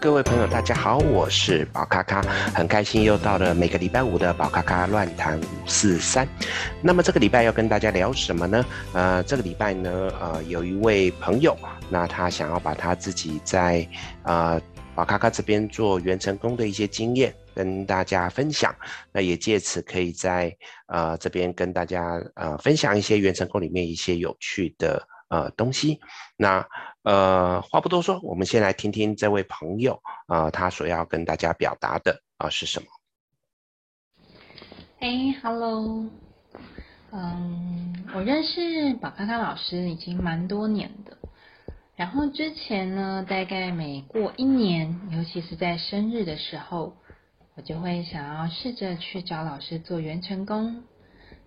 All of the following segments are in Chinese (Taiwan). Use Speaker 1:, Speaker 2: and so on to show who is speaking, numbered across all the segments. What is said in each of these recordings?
Speaker 1: 各位朋友，大家好，我是寶咖咖，很開心又到了每個禮拜五的寶咖咖亂談五四三。那麼這個禮拜要跟大家聊什麼呢？呃，這個禮拜呢，呃，有一位朋友，那他想要把他自己在呃寶咖咖這邊做元辰宮的一些經驗跟大家分享，那也借此可以在呃這邊跟大家呃分享一些元辰宮裡面一些有趣的呃東西。那呃，話不多說，我們先來聽聽這位朋友，呃，他所要跟大家表達的啊、呃、是什麼？誒、
Speaker 2: hey,，hello 嗯、um,，我認識寶咖咖老師已經蠻多年的，然後之前呢，大概每過一年，尤其是在生日的時候，我就會想要試着去找老師做元辰宮，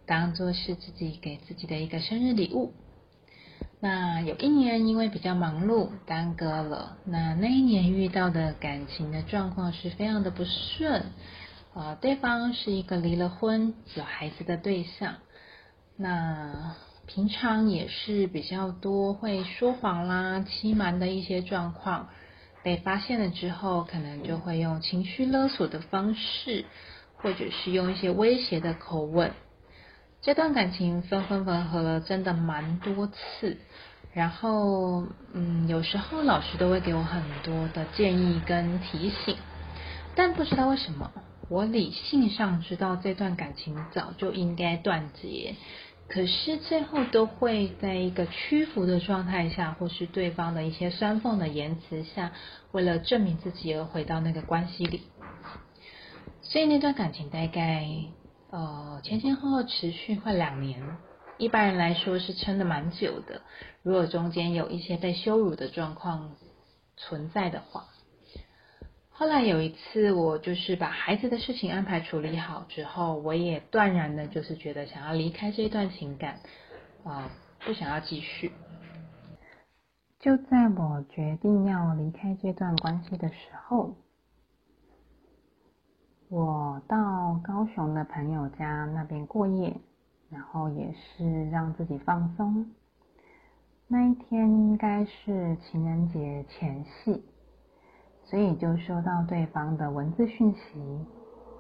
Speaker 2: 當做是自己給自己的一個生日禮物。那有一年因為比較忙碌，耽擱了。那那一年遇到的感情的狀況是非常的不順，呃，對方是一個離了婚，有孩子的對象。那平常也是比較多會說謊啦、欺瞞的一些狀況，被發現了之後，可能就會用情緒勒索的方式，或者是用一些威脅的口吻。這段感情分分，分合合，真的蠻多次。然後，嗯，有時候老師都會給我很多的建議跟提醒，但不知道為什麼，我理性上知道這段感情早就應該斷絕，可是最後都會在一個屈服的狀態下，或是對方的一些酸諷的言辭下，為了證明自己而回到那個關係裡。所以那段感情大概。呃，前前後後持續快兩年，一般人來說是撐得蠻久的。如果中間有一些被羞辱的狀況存在的話，後來有一次，我就是把孩子的事情安排處理好之後，我也斷然的，就是覺得想要離開這段情感，啊，不想要繼續。就在我決定要離開這段關係的時候。我到高雄的朋友家那邊過夜，然後也是讓自己放鬆。那一天應該是情人節前夕，所以就收到對方的文字訊息。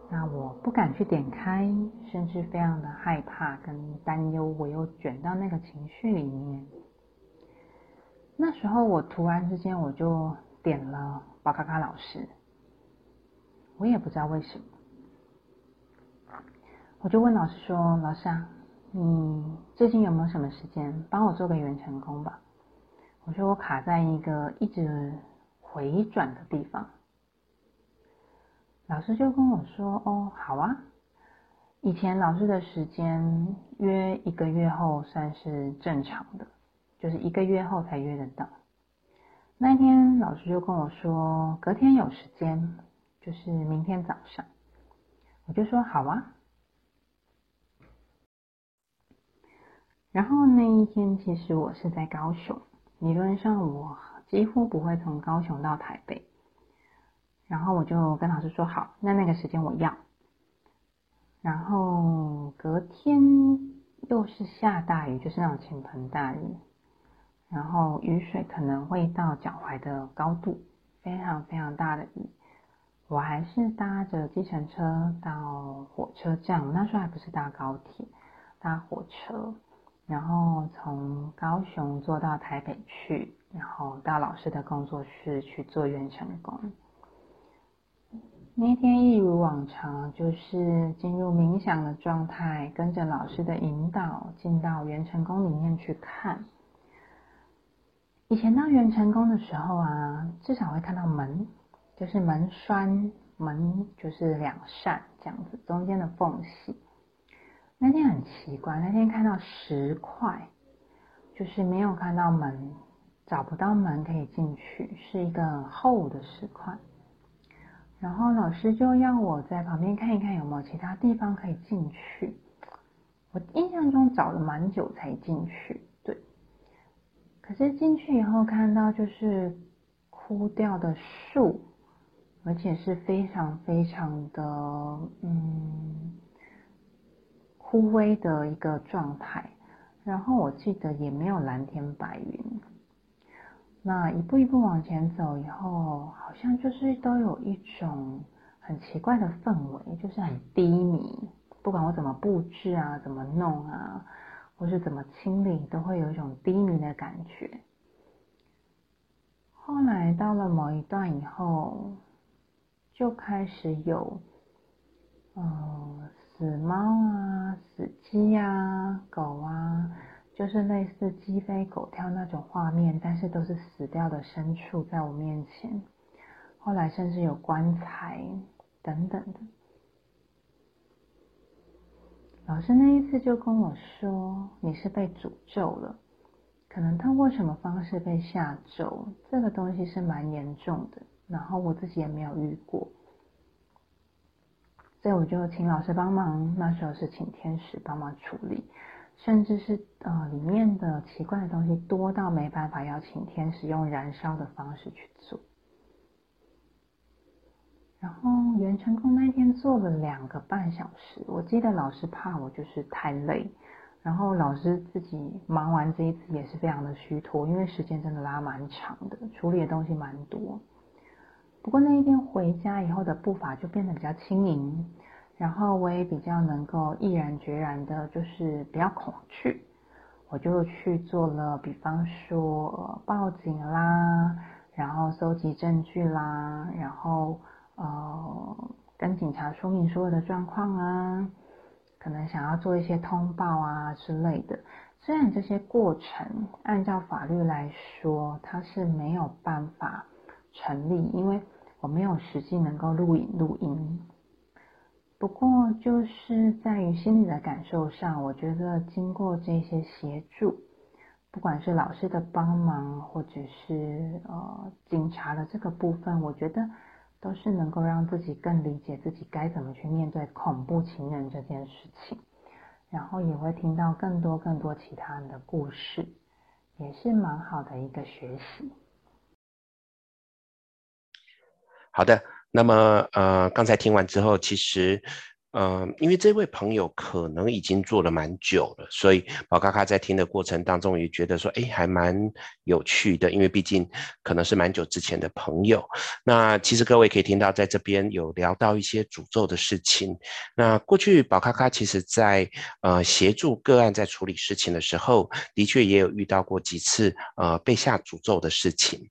Speaker 2: 那我不敢去點開，甚至非常的害怕跟擔憂，我又捲到那個情緒裡面。那時候我突然之間我就點了寶咖咖老師。我也不知道為什麼，我就問老師說：“老師，啊，你最近有沒有什麼時間幫我做個元辰宮吧？”我說我卡在一個一直回轉的地方。老師就跟我說：“哦，好啊，以前老師的時間約一個月後算是正常的，就是一個月後才約得到。”那天老師就跟我說：“隔天有時間。”就是明天早上，我就說好啊。然後那一天其實我是在高雄，理論上我幾乎不會從高雄到台北。然後我就跟老師說好，那那個時間我要。然後隔天又是下大雨，就是那種傾盆大雨，然後雨水可能會到腳踝的高度，非常非常大的雨。我還是搭着計程車到火車站，那時候還不是搭高鐵，搭火車，然後從高雄坐到台北去，然後到老師的工作室去，去做元辰宮。那天一如往常，就是進入冥想的狀態，跟着老師的引導進到元辰宮裡面去看。以前到元辰宮的時候啊，至少會看到門。就是門栓，門就是兩扇這樣子，中間的縫隙。那天很奇怪，那天看到石塊，就是沒有看到門，找不到門可以進去，是一個厚的石塊。然後老師就讓我在旁邊看一看有沒有其他地方可以進去。我印象中找了蠻久才進去，對。可是進去以後看到就是枯掉的樹。而且是非常非常的嗯，枯萎的一個狀態。然後我記得也沒有藍天白雲。那一步一步往前走以後，好像就是都有一種很奇怪的氛圍，就是很低迷。不管我怎麼布置啊，怎麼弄啊，或是怎麼清理，都會有一種低迷的感覺。後來到了某一段以後。就開始有，呃，死貓啊、死雞啊、狗啊，就是類似雞飛狗跳那種畫面，但是都是死掉的牲畜在我面前。後來甚至有棺材等等的。老師那一次就跟我說：“你是被詛咒了，可能通過什麼方式被下咒，這個東西是蠻嚴重的。”然後我自己也沒有遇過，所以我就請老師幫忙。那時候是請天使幫忙處理，甚至是呃裡面的奇怪的東西多到沒辦法邀請天使用燃燒的方式去做。然後元辰宮那一天做了兩個半小時，我記得老師怕我就是太累，然後老師自己忙完這一次也是非常的虛脫，因為時間真的拉蠻長的，處理的東西蠻多。不過那一天回家以後的步伐就變得比較輕盈，然後我也比較能夠毅然決然的，就是不要恐懼，我就去做了，比方說、呃、報警啦，然後搜集證據啦，然後呃跟警察說明所有的狀況啊，可能想要做一些通報啊之類的。雖然這些過程按照法律來說，它是沒有辦法。成立，因為我沒有實際能夠錄影錄音。不過就是在於心理的感受上，我覺得經過這些協助，不管是老師的幫忙，或者是呃警察的這個部分，我覺得都是能夠讓自己更理解自己該怎麼去面對恐怖情人這件事情。然後也會聽到更多更多其他人的故事，也是蠻好的一個學習。
Speaker 1: 好的，那麼呃，剛才聽完之後，其實，呃，因為這位朋友可能已經做了蠻久了，所以寶咖咖在聽的過程當中也覺得說，哎，還蠻有趣的，因為畢竟可能是蠻久之前的朋友。那其實各位可以聽到，在這邊有聊到一些詛咒的事情。那過去寶咖咖其實在，在呃協助個案在處理事情的時候，的確也有遇到過幾次呃被下詛咒的事情。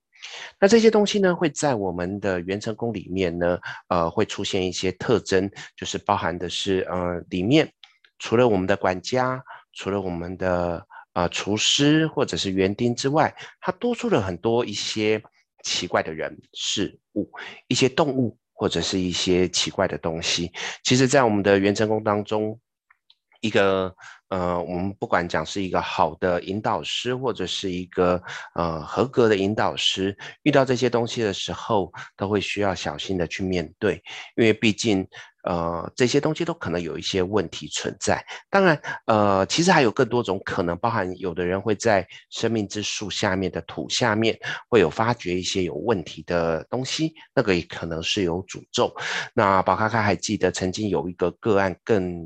Speaker 1: 那這些東西呢，會在我們的元辰宮裡面呢，呃，會出現一些特徵，就是包含的是，呃，裡面除了我們的管家，除了我們的呃廚師或者是園丁之外，它多出了很多一些奇怪的人事物，一些動物或者是一些奇怪的東西。其實，在我們的元辰宮當中，一個。呃，我們不管講是一個好的引導師，或者是一個呃合格的引導師，遇到這些東西的時候，都會需要小心的去面對，因為畢竟呃這些東西都可能有一些問題存在。當然，呃，其實還有更多種可能，包含有的人會在生命之樹下面的土下面會有發掘一些有問題的東西，那個也可能是有詛咒。那寶咖咖還記得曾經有一個個案更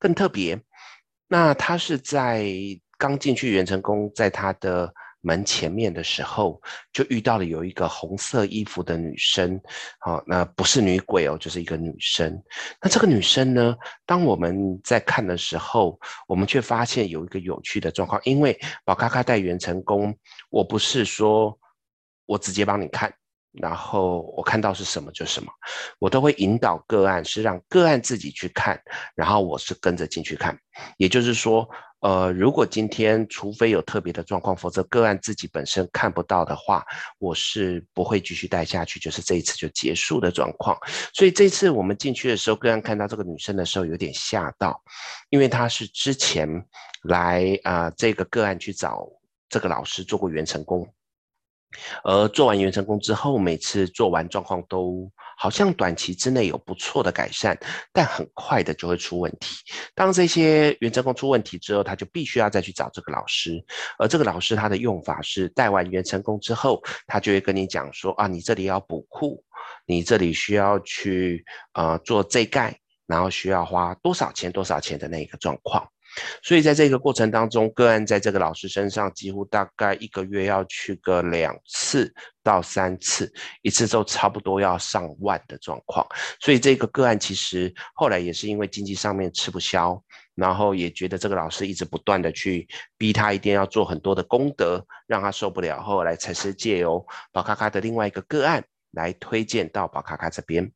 Speaker 1: 更特別。那他是在剛進去元辰宮，在他的門前面的時候，就遇到了有一個紅色衣服的女生，好，那不是女鬼哦，就是一個女生。那這個女生呢，當我們在看的時候，我們卻發現有一個有趣的狀況，因為寶咖咖帶元辰宮，我不是說我直接幫你看，然後我看到是什麼就什麼，我都會引導個案，是讓個案自己去看，然後我是跟着進去看。也就是說，呃，如果今天除非有特別的狀況，否則個案自己本身看不到的話，我是不會繼續帶下去，就是這一次就結束的狀況。所以這次我們進去的時候，個案看到這個女生的時候有點嚇到，因為她是之前來啊、呃、這個個案去找這個老師做過元辰宮。而做完元辰宮之後，每次做完狀況都好像短期之內有不錯的改善，但很快的就會出問題。當這些元辰宮出問題之後，他就必須要再去找這個老師。而這個老師他的用法是，帶完元辰宮之後，他就會跟你講說啊，你這裡要補庫，你這裡需要去啊、呃、做製改，然後需要花多少錢多少錢的那一個狀況。所以在這個過程當中，個案在這個老師身上，幾乎大概一個月要去個兩次到三次，一次就差不多要上萬的狀況。所以這個個案其實後來也是因為經濟上面吃不消，然後也覺得這個老師一直不斷的去逼他一定要做很多的功德，讓他受不了，後來才是借由寶咖咖的另外一個個案來推薦到寶咖咖這邊。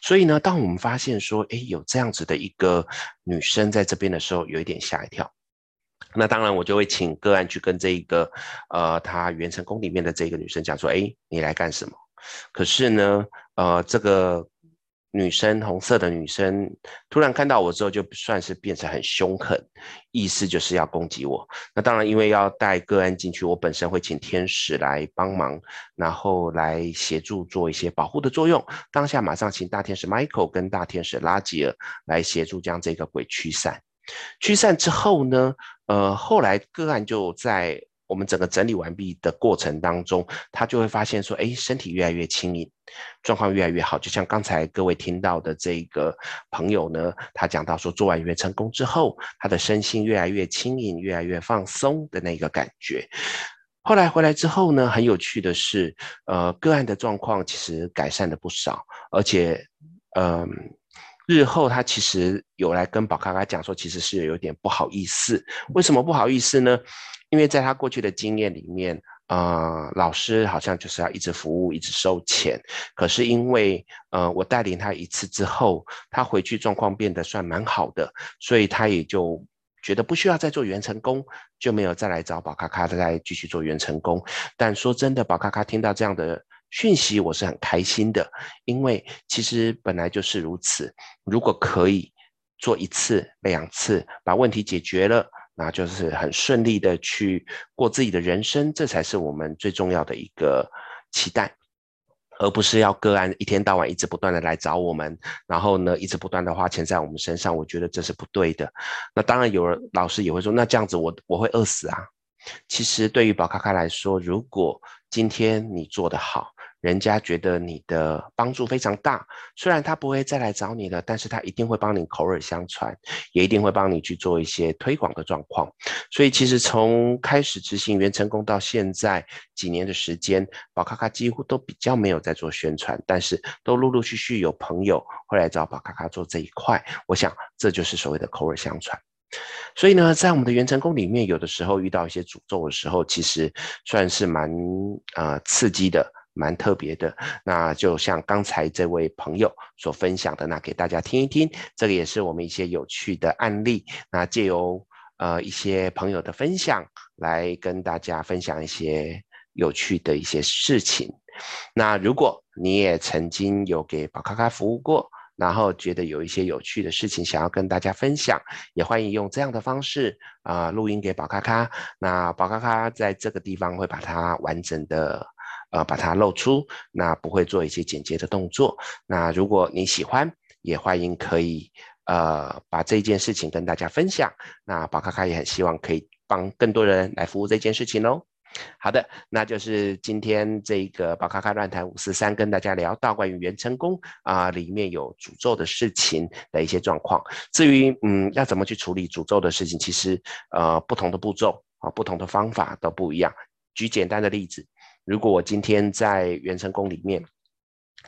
Speaker 1: 所以呢，當我們發現說，哎，有這樣子的一個女生在這邊的時候，有一點嚇一跳。那當然，我就會請個案去跟這一個，呃，他元辰宮裡面的這個女生講說，哎，你來幹什麼？可是呢，呃，這個。女生，紅色的女生，突然看到我之後，就算是變成很凶狠，意思就是要攻擊我。那當然，因為要帶個案進去，我本身會請天使來幫忙，然後來協助做一些保護的作用。當下馬上請大天使 Michael 跟大天使拉吉爾來協助將這個鬼驅散。驅散之後呢，呃，後來個案就在。我們整個整理完畢的過程當中，他就會發現說：“哎，身體越來越輕盈，狀況越來越好。”就像剛才各位聽到的這個朋友呢，他講到說，做完元辰宮之後，他的身心越來越輕盈，越來越放鬆的那個感覺。後來回來之後呢，很有趣的是，呃，個案的狀況其實改善了不少，而且，嗯、呃，日後他其實有來跟寶咖咖講說，其實是有點不好意思。為什麼不好意思呢？因為在他過去的經驗裡面，呃，老師好像就是要一直服務，一直收錢。可是因為，呃，我帶領他一次之後，他回去狀況變得算蠻好的，所以他也就覺得不需要再做元辰宮，就沒有再來找寶咖咖再來繼續做元辰宮。但說真的，寶咖咖聽到這樣的訊息，我是很開心的，因為其實本來就是如此。如果可以做一次、兩次，把問題解決了。那就是很順利的去過自己的人生，這才是我們最重要的一個期待，而不是要個案一天到晚一直不斷的來找我們，然後呢，一直不斷的花錢在我們身上，我覺得這是不對的。那當然有人老師也會說，那這樣子我我會餓死啊。其實對於寶咖咖來說，如果今天你做得好，人家覺得你的幫助非常大，雖然他不會再來找你了，但是他一定會幫你口耳相傳，也一定會幫你去做一些推廣的狀況。所以其實從開始執行元辰宮到現在幾年的時間，寶咖咖幾乎都比較沒有在做宣傳，但是都陸陸續續有朋友會來找寶咖咖做這一塊。我想這就是所謂的口耳相傳。所以呢，在我們的元辰宮裡面，有的時候遇到一些詛咒的時候，其實算是蠻啊、呃、刺激的。蠻特別的，那就像剛才這位朋友所分享的，那給大家聽一聽，這個也是我們一些有趣的案例。那借由呃一些朋友的分享，來跟大家分享一些有趣的一些事情。那如果你也曾經有給寶咖咖服務過，然後覺得有一些有趣的事情想要跟大家分享，也歡迎用這樣的方式啊呃、錄音給寶咖咖。那寶咖咖在這個地方會把它完整的。呃，把它露出，那不會做一些剪接的動作。那如果你喜歡，也歡迎可以呃把這件事情跟大家分享。那寶咖咖也很希望可以幫更多人來服務這件事情哦。好的，那就是今天這個寶咖咖亂談五四三跟大家聊到關於元辰宮啊、呃、裡面有詛咒的事情的一些狀況。至於嗯要怎麼去處理詛咒的事情，其實呃不同的步驟啊不同的方法都不一樣。舉簡單的例子。如果我今天在元辰宮裡面，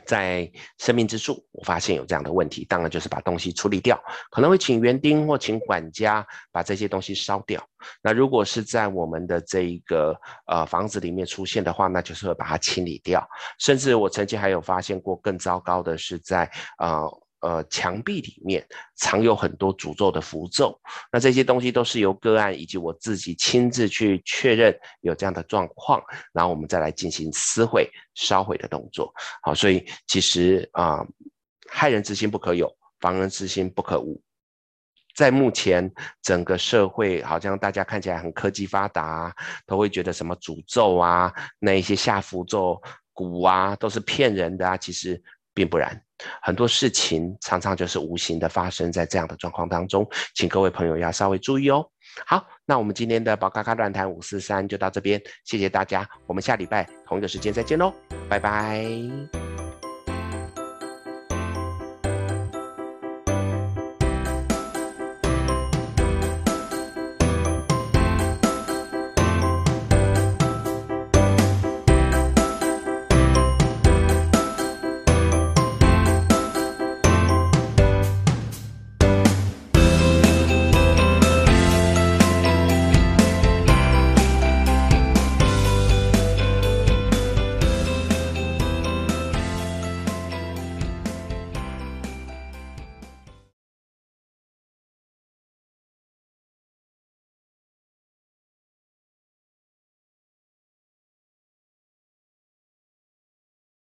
Speaker 1: 在生命之樹，我發現有這樣的問題，當然就是把東西處理掉，可能會請園丁或請管家把這些東西燒掉。那如果是在我們的這一個呃房子裡面出現的話，那就是會把它清理掉。甚至我曾經還有發現過更糟糕的是在啊。呃呃，牆壁裡面藏有很多詛咒的符咒，那這些東西都是由個案以及我自己親自去確認有這樣的狀況，然後我們再來進行撕毀、燒毀的動作。好，所以其實啊，呃，害人之心不可有，防人之心不可無。在目前整個社會，好像大家看起來很科技發達，都會覺得什麼詛咒啊，那一些下符咒、蠱啊，都是騙人的啊，其實。並不然，很多事情常常就是無形的發生在這樣的狀況當中，請各位朋友要稍微注意哦。好，那我們今天的寶咖咖亂談五四三就到這邊，謝謝大家，我們下禮拜同一個時間再見嘍，拜拜。